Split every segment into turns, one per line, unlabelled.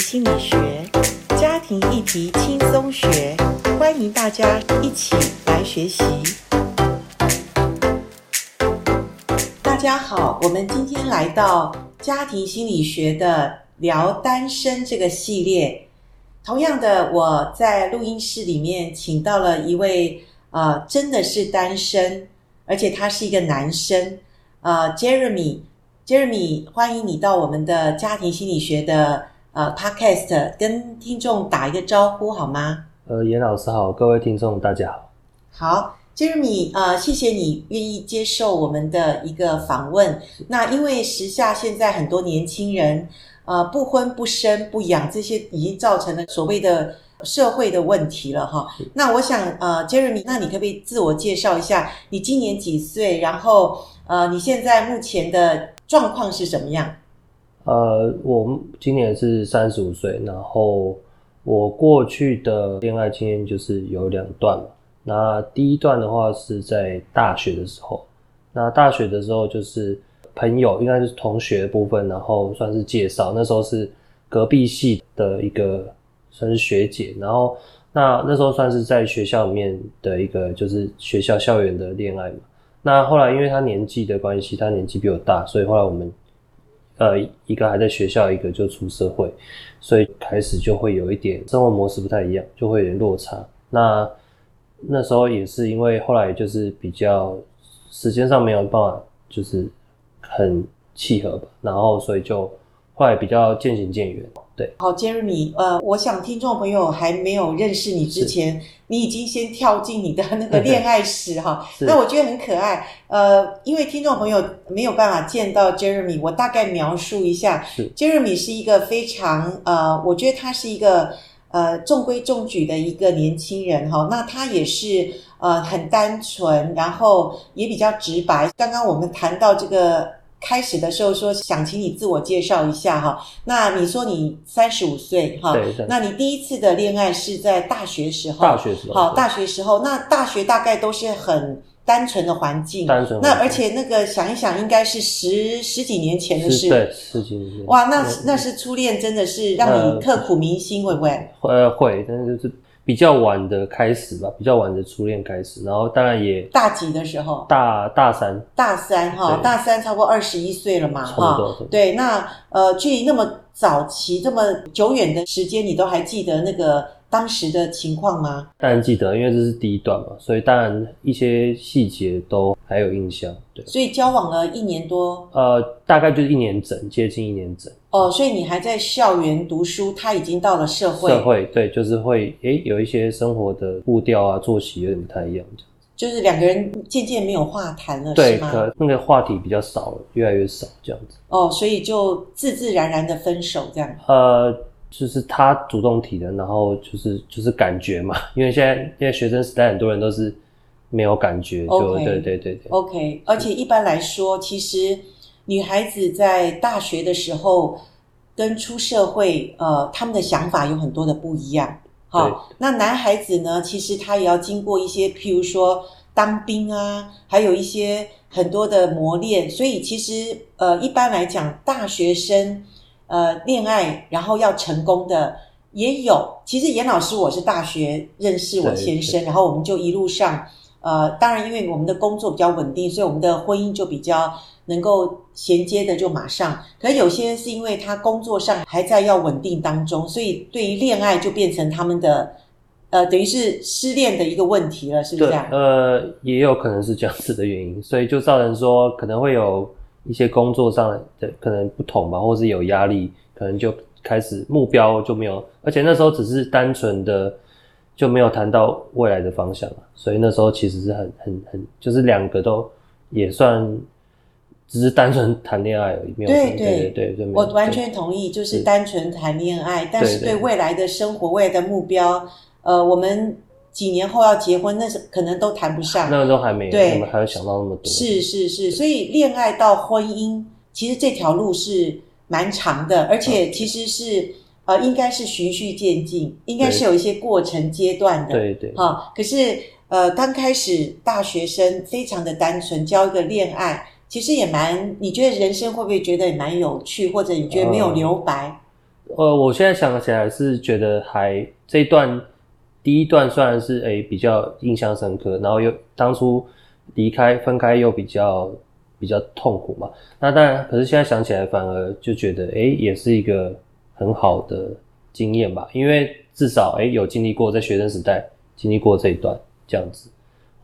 心理學家庭議題輕鬆學，歡迎大家一起來學習。大家好，我們今天來到家庭心理學的聊單身這個系列。同樣的，我在錄音室裡面請到了一位，呃，真的是單身，而且他是一個男生，啊，呃，Jeremy，Jeremy，歡迎你到我們的家庭心理學的。呃，Podcast 跟聽眾打一個招呼好嗎？
呃，延老師好，各位聽眾大家好。
好，Jeremy，呃，謝謝你願意接受我們的一個訪問。那因為時下現在很多年輕人，呃，不婚不生不養，這些已經造成了所謂的社會的問題了哈。是那我想，呃，Jeremy，那你可不可以自我介紹一下？你今年幾歲？然後，呃，你現在目前的狀況是什麼樣？
呃，我今年是三十五歲，然後我過去的戀愛經驗就是有兩段嘛。那第一段的話是在大學的時候，那大學的時候就是朋友，應該是同學的部分，然後算是介紹，那時候是隔壁系的一個算是學姐，然後那那時候算是在學校裡面的一個就是學校校園的戀愛嘛。那後來因為她年紀的關係，她年紀比我大，所以後來我們。呃，一個還在學校，一個就出社會，所以開始就會有一點生活模式不太一樣，就會有點落差。那那時候也是因為後來就是比較時間上沒有辦法，就是很契合吧，然後所以就。會比較漸行漸遠，對。
好，Jeremy，呃，我想聽眾朋友還沒有認識你之前，是你已經先跳進你的那個戀愛史哈，那我覺得很可愛。呃，因為聽眾朋友沒有辦法見到 Jeremy，我大概描述一下是，Jeremy 是一個非常呃，我覺得他是一個呃中規中矩的一個年輕人哈、哦。那他也是呃很單純，然後也比較直白。剛剛我們談到這個。開始的時候說想請你自我介紹一下哈，那你說你三十五歲哈，那你第一次的戀愛是在大學時候，大學時候，好，大學時候，對那大學大概都是很單純的環境，單純，那而且那個想一想，應該是十十幾年前的事是，對，
十幾年前，哇，那對那,那
是初戀，真的是讓你刻骨銘心，呃、會不會？
會、呃。會，但是就是。比較晚的開始吧，比較晚的初戀開始，然後當然也
大幾的時候，
大大三，
大三哈、哦，對大三超過二十一歲了嘛，哈、哦，對，那呃，距離那麼早期這麼久遠的時間，你都還記得那個當時的情況嗎？
當然記得，因為這是第一段嘛，所以當然一些細節都還有印象，對。
所以交往了一年多，
呃，大概就是一年整，接近一年整。
哦，所以你還在校園讀書，他已經到了社會。社
會對，就是會哎，有一些生活的步調啊、作息有點不太一樣，這樣子，就
是。就是兩個人漸漸沒有話談了，對，是
嗎？可，那個話題比較少了，越來越少，這樣子。
哦，所以就自自然然的分手這樣。
呃，就是他主動提的，然後就是就是感覺嘛，因為現在現在學生時代很多人都是沒有感覺，就 okay, 對對對對。
OK，而且一般來說，其實。女孩子在大學的時候跟出社會，呃，他們的想法有很多的不一樣。好對、哦，那男孩子呢，其實他也要經過一些，譬如說當兵啊，還有一些很多的磨練。所以其實，呃，一般來講，大學生呃戀愛然後要成功的也有。其實延老師，我是大學認識我先生，然後我們就一路上，呃，當然因為我們的工作比較穩定，所以我們的婚姻就比較。能夠銜接的就馬上，可是有些是因為他工作上還在要穩定當中，所以對於戀愛就變成他們的，呃，等於是失戀的一個問題了，是不是這樣？
呃，也有可能是這樣子的原因，所以就造成說可能會有一些工作上的可能不同吧，或是有壓力，可能就開始目標就沒有，而且那時候只是單純的就沒有談到未來的方向，所以那時候其實是很很很，就是兩個都也算。只是單純談戀愛而已，對對對對，我完
全同意，就是單純談戀愛，但是對未來的生活、未來的目標，呃，我們幾年後要結婚，那是可能都談不上，那個
時候還沒有，對，我們還要想到那麼多，是
是是，所以戀愛到婚姻，其實這條路是蠻長的，而且其實是呃，應該是循序漸進，應該是有一些過程階段的，對對，好，可是呃，剛開始大學生非常的單純，交一個戀愛。其實也蠻，你覺得人生會不會覺得蠻有趣，或者你覺得沒有留白？
嗯、呃，我現在想起來是覺得還這一段，第一段雖然是哎比較印象深刻，然後又當初離開分開又比較比較痛苦嘛。那當然，可是現在想起來反而就覺得哎也是一個很好的經驗吧，因為至少哎有經歷過在學生時代經歷過這一段這樣子。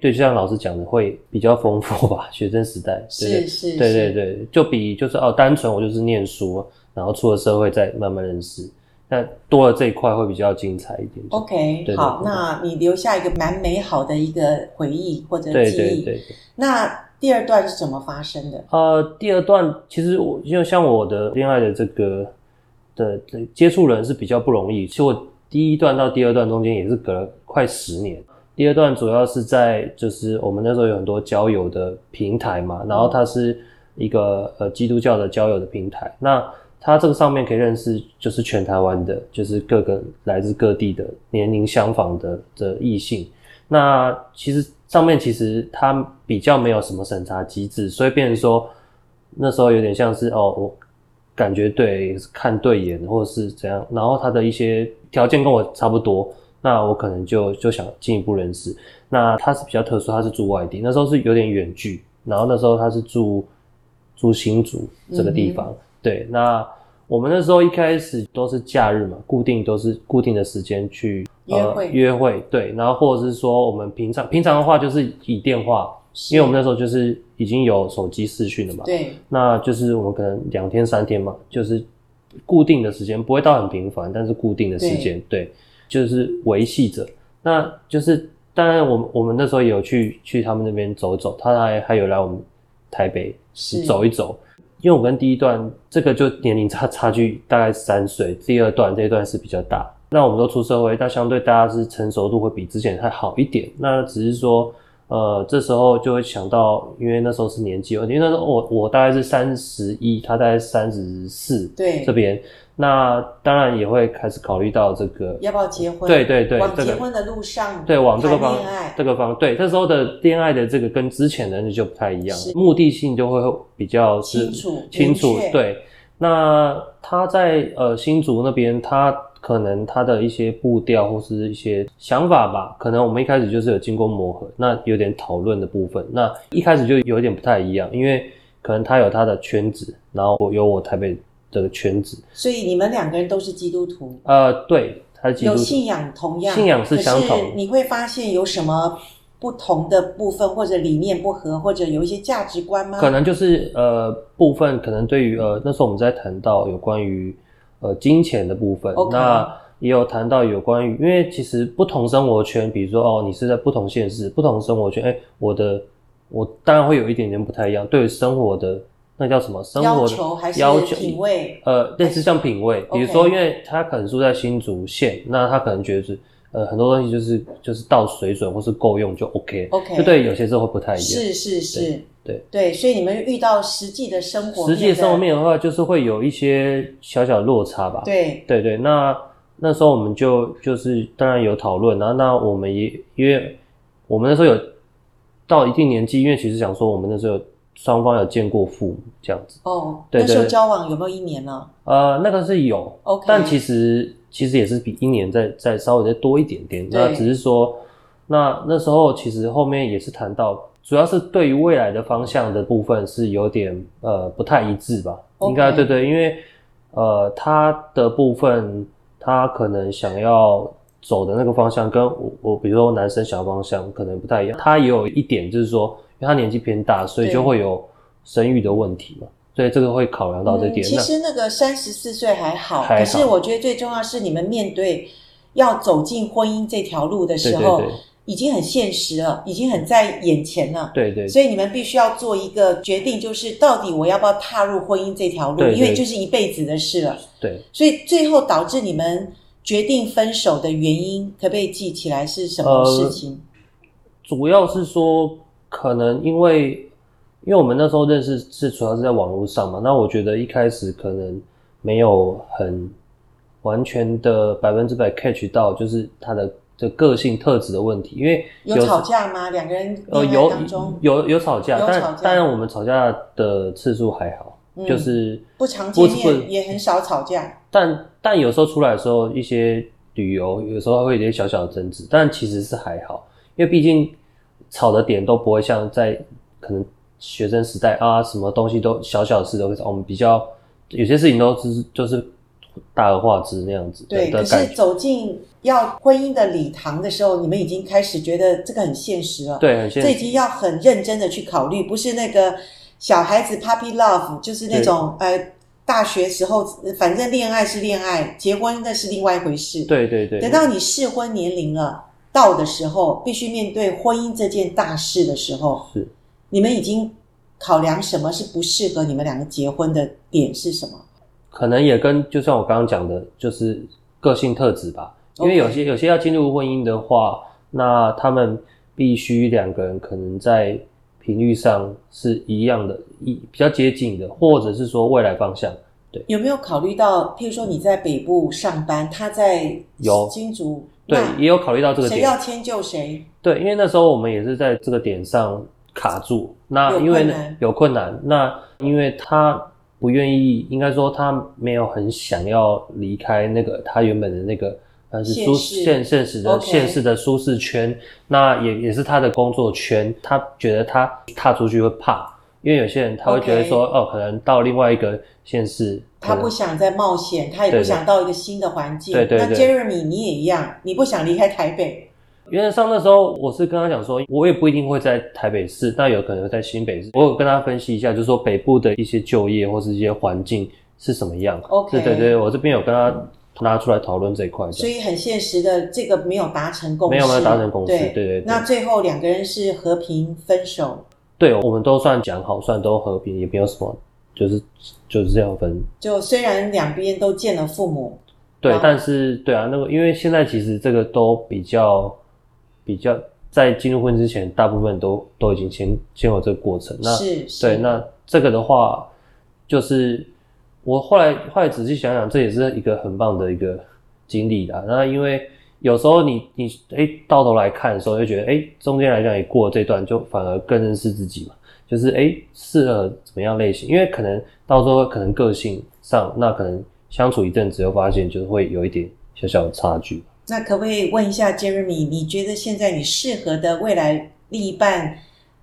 對，就像老師講的，會比較豐富吧。學生時代對對是，是是，對對對，就比就是哦，單純我就是念書，然後出了社會再慢慢認識，那多了這一塊會比較精彩一點。OK，對對對好，吧，那
你留下一個蠻美好的一個回憶或者記憶。對，對對對。那第二段是怎麼發生的？
呃，第二段其實我因為像我的戀愛的這個的的接觸人是比較不容易，其實我第一段到第二段中間也是隔了快十年。第二段主要是在，就是我們那時候有很多交友的平台嘛，然後它是一個呃基督教的交友的平台，那它這個上面可以認識就是全台灣的，就是各個來自各地的年齡相仿的的異性，那其實上面其實它比較沒有什麼審查機制，所以變成說那時候有點像是哦，我感覺對看對眼或是怎樣，然後他的一些條件跟我差不多。那我可能就就想進一步認識。那他是比較特殊，他是住外地，那時候是有點遠距。然後那時候他是住，住新竹這個地方。Mm hmm. 對，那我們那時候一開始都是假日嘛，固定都是固定的時間去約會、嗯、約會。對，然後或者是說我們平常平常的話就是以電話，是因為我們那時候就是已經有手機視訊了嘛。對，那就是我們可能兩天三天嘛，就是固定的時間，不會到很頻繁，但是固定的時間，對。對就是維繫著，那就是當然，我們我們那時候也有去去他們那邊走走，他還還有來我們台北是走一走。因為我跟第一段這個就年齡差差距，大概三歲，第二段這一段是比較大。那我們都出社會，但相對大家是成熟度會比之前還好一點。那只是說，呃，這時候就會想到，因為那時候是年紀問題，因為那時候我我大概是三十一，他大概三十四，對，這邊。那當然也會開始考慮到這個要不
要結婚，對對對，往結婚的路上，這個、對往這個方愛
這個方對，這時候的戀愛的這個跟之前的那就不太一樣，是目的性就會比較清楚清楚。清楚確對，那他在呃新竹那邊，他可能他的一些步調或是一些想法吧，可能我們一開始就是有經過磨合，那有點討論的部分，那一開始就有點不太一樣，因為可能他有他的圈子，然後我有我台北。這個圈子，
所以你們兩個人都是基督徒？
呃，對，他基督徒有信
仰，同樣信仰是相同，是你會發現有什麽不同的部分或者理念不合，或者有一些價值觀嗎？可
能就是呃部分，可能對於、嗯、呃那時候我們在談到有關於呃金錢的部分，Okay. 那也有談到有關於，因為其實不同生活圈，比如說哦，你是在不同縣市、不同生活圈，哎，我的我當然會有一點點不太一樣，對於生活的。那叫什麼？生活要求還是品味？呃，類似像品味，還是？比如說，因為他可能住在新竹縣，Okay. 那他可能覺得是呃，很多東西就是就是到水準或是夠用就 OK。OK，就對，有些時候會不太一樣。是是是，對對，
對，所以你們遇到實際的生活實際生活面的
話，就是會有一些小小的落差吧？對，對對對，那那時候我們就就是當然有討論，然後那我們也，因為我們那時候有，到一定年紀，因為其實想說我們那時候有。雙方有見過父母這樣子
哦，對對，那時候交往有沒有一年呢？啊。
呃，那個是有，OK，但其實其實也是比一年再再稍微再多一點點。對那只是說，那那時候其實後面也是談到，主要是對於未來的方向的部分是有點呃不太一致吧？Okay. 應該對對，因為呃他的部分，他可能想要走的那個方向，跟我我比如說男生想要方向可能不太一樣。Okay. 他也有一點就是說。因為他年紀偏大，所以就會有生育的問題嘛，對所以這個會考量到這點。嗯、其實那
個三十四歲還好，還還好，可是我覺得最重要是你們面對要走進婚姻這條路的時候，對對對，已經很現實了，已經很在眼前了。對對，所以你們必須要做一個決定，就是到底我要不要踏入婚姻這條路，對對，因為就是一輩子的事了。對，所以最後導致你們決定分手的原因，可不可以記起來是什麼事情？
呃、主要是說。可能因為，因為我們那時候認識是主要是在網絡上嘛，那我覺得一開始可能沒有很完全的百分之百 catch 到，就是他的這個個性特質的問題。因為有，有吵架
嗎？兩個人呃，有有
有吵架，有吵架，但但我們吵架的次數還好，嗯，就是不
常見，也很少吵架。
但但有時候出來的時候，一些旅遊有時候會有點小小的爭執，但其實是還好，因為畢竟。吵的點都不會像在可能學生時代啊，什麼東西都小小事都會吵。我們比較有些事情都是就是大而化之那樣子。對，可是
走進要婚姻的禮堂的時候，你們已經開始覺得這個很現實了。對，很現實。這已經要很認真的去考慮，不是那個小孩子 puppy love，就是那種對呃，大學時候反正戀愛是戀愛，結婚那是另外一回事。對
對對，對對等到你
適婚年齡了。到的時候，必須面對婚姻這件大事的時候，是你們已經考量什麼是不適合你們兩個結婚的點是什麼？
可能也跟就像我剛剛講的，就是個性特質吧。因為有些 Okay. 有些要進入婚姻的話，那他們必須兩個人可能在頻率上是一樣的，一比較接近的，或者是說未來方向。對，
有沒有考慮到，譬如說你在北部上班，他在有金竹？對，
也有考慮到這個點。誰要
遷就誰？
對，因為那時候我們也是在這個點上卡住。那因為有困，有困難，那因為他不願意，應該說他沒有很想要離開那個他原本的那個，呃，舒現世現實的 Okay. 現實的舒適圈。那也也是他的工作圈，他覺得他踏出去會怕，因為有些人他會覺得說，Okay. 哦，可能到另外一個縣市。
他不想再冒險，他也不想到一個新的環境。對對對對。那 Jeremy，你也一樣，你不想離開台北。
原來上那時候，我是跟他講說，我也不一定會在台北市，但有可能在新北市。我有跟他分析一下，就是說北部的一些就業或是一些環境是什麼樣。OK，對對對，我這邊有跟他拿出來討論這一塊這樣。嗯，所以
很現實的，這個沒有達成共識，沒有，沒有達成共識。對，對對對，那最後兩個人是和平分手。
對，我們都算講好，算都和平，也沒有什麼。就是就是這樣分，
就雖然兩邊都見了父母，
對，啊、但是對啊，那個因為現在其實這個都比較比較在進入婚之前，大部分都都已經先先有這個過程。那是對，是那這個的話，就是我後來後來仔細想想，這也是一個很棒的一個經歷啦，那因為有時候你你哎、欸、到頭來看的時候，就覺得哎、欸、中間來講你過了這段，就反而更認識自己嘛。就是哎，適合怎麼樣類型？因為可能到時候可能個性上，那可能相處一陣子又發現，就是會有一點小小的差距。
那可不可以問一下 Jeremy，你覺得現在你適合的未來另一半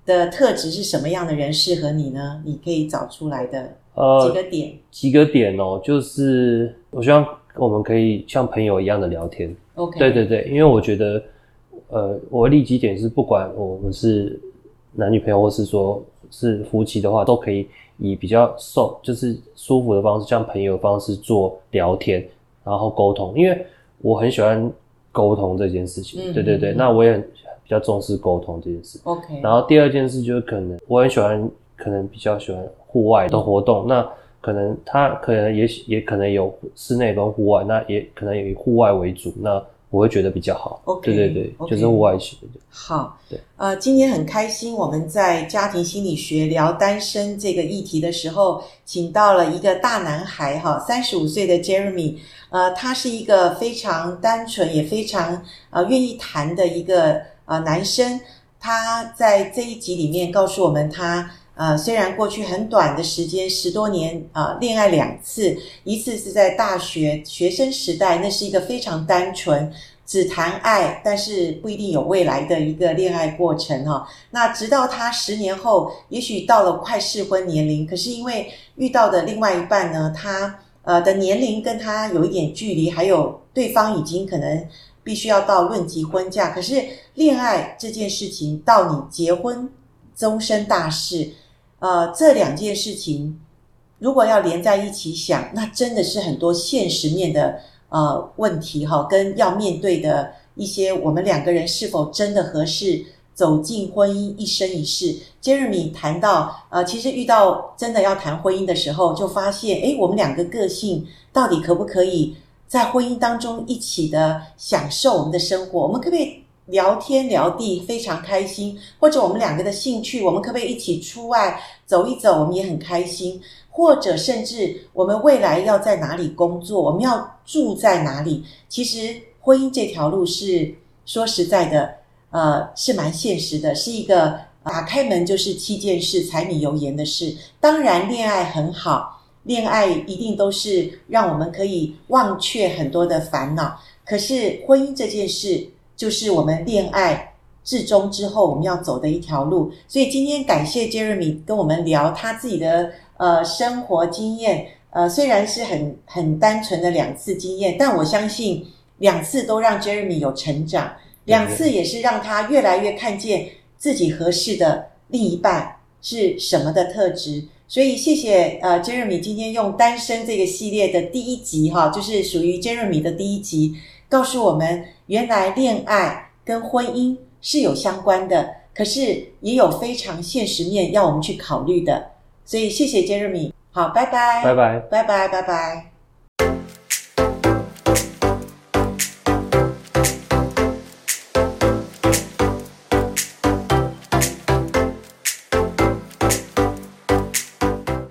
的特質是什麼樣的人適合你呢？你可以找出來的
呃幾個點、呃，幾個點哦，就是我希望我們可以像朋友一樣的聊天。OK，對對對，因為我覺得呃，我的立即點是不管我們是男女朋友，或是說。是夫妻的話，都可以以比較爽，就是舒服的方式，像朋友的方式做聊天，然後溝通。因為我很喜歡溝通這件事情，嗯、哼哼對對對。那我也比較重視溝通這件事。OK。然後第二件事就是可能我很喜歡，可能比較喜歡戶外的活動。嗯、那可能他可能也也可能有室內跟戶外，那也可能也以戶外為主。那我會覺得比較好，okay, 對對對，okay, 就是戶外型的。好，對，
呃，今天很開心，我們在家庭心理學聊單身這個議題的時候，請到了一個大男孩哈，三十五歲的 Jeremy，呃，他是一個非常單純也非常呃願意談的一個啊、呃、男生，他在這一集裡面告訴我們他。呃雖然過去很短的時間，十多年啊、呃，戀愛兩次，一次是在大學學生時代，那是一個非常單純，只談愛，但是不一定有未來的一個戀愛過程哈、哦。那直到他十年後，也許到了快適婚年齡，可是因為遇到的另外一半呢，他呃的年齡跟他有一點距離，還有對方已經可能必須要到論及婚嫁，可是戀愛這件事情到你結婚終身大事。呃，這兩件事情如果要連在一起想，那真的是很多現實面的呃問題哈、哦，跟要面對的一些我們兩個人是否真的合適走進婚姻一生一世。Jeremy 談到，呃，其實遇到真的要談婚姻的時候，就發現，哎，我們兩個個性到底可不可以在婚姻當中一起的享受我們的生活？我們可不可以？聊天聊地非常開心，或者我們兩個的興趣，我們可不可以一起出外走一走？我們也很開心，或者甚至我們未來要在哪裡工作，我們要住在哪裡？其實婚姻這條路是說實在的，呃，是蠻現實的，是一個打開門就是七件事、柴米油鹽的事。當然，戀愛很好，戀愛一定都是讓我們可以忘卻很多的煩惱。可是婚姻這件事。就是我們戀愛至終之後我們要走的一條路，所以今天感謝 Jeremy 跟我們聊他自己的呃生活經驗，呃雖然是很很單純的兩次經驗，但我相信兩次都讓 Jeremy 有成長，兩次也是讓他越來越看見自己合適的另一半是什麼的特質，所以謝謝呃 Jeremy 今天用單身這個系列的第一集哈，就是屬於 Jeremy 的第一集。告訴我們，原來戀愛跟婚姻是有相關的，可是也有非常現實面要我們去考慮的。所以，謝謝 Jeremy。好，拜拜，拜拜，拜拜，拜拜，拜拜。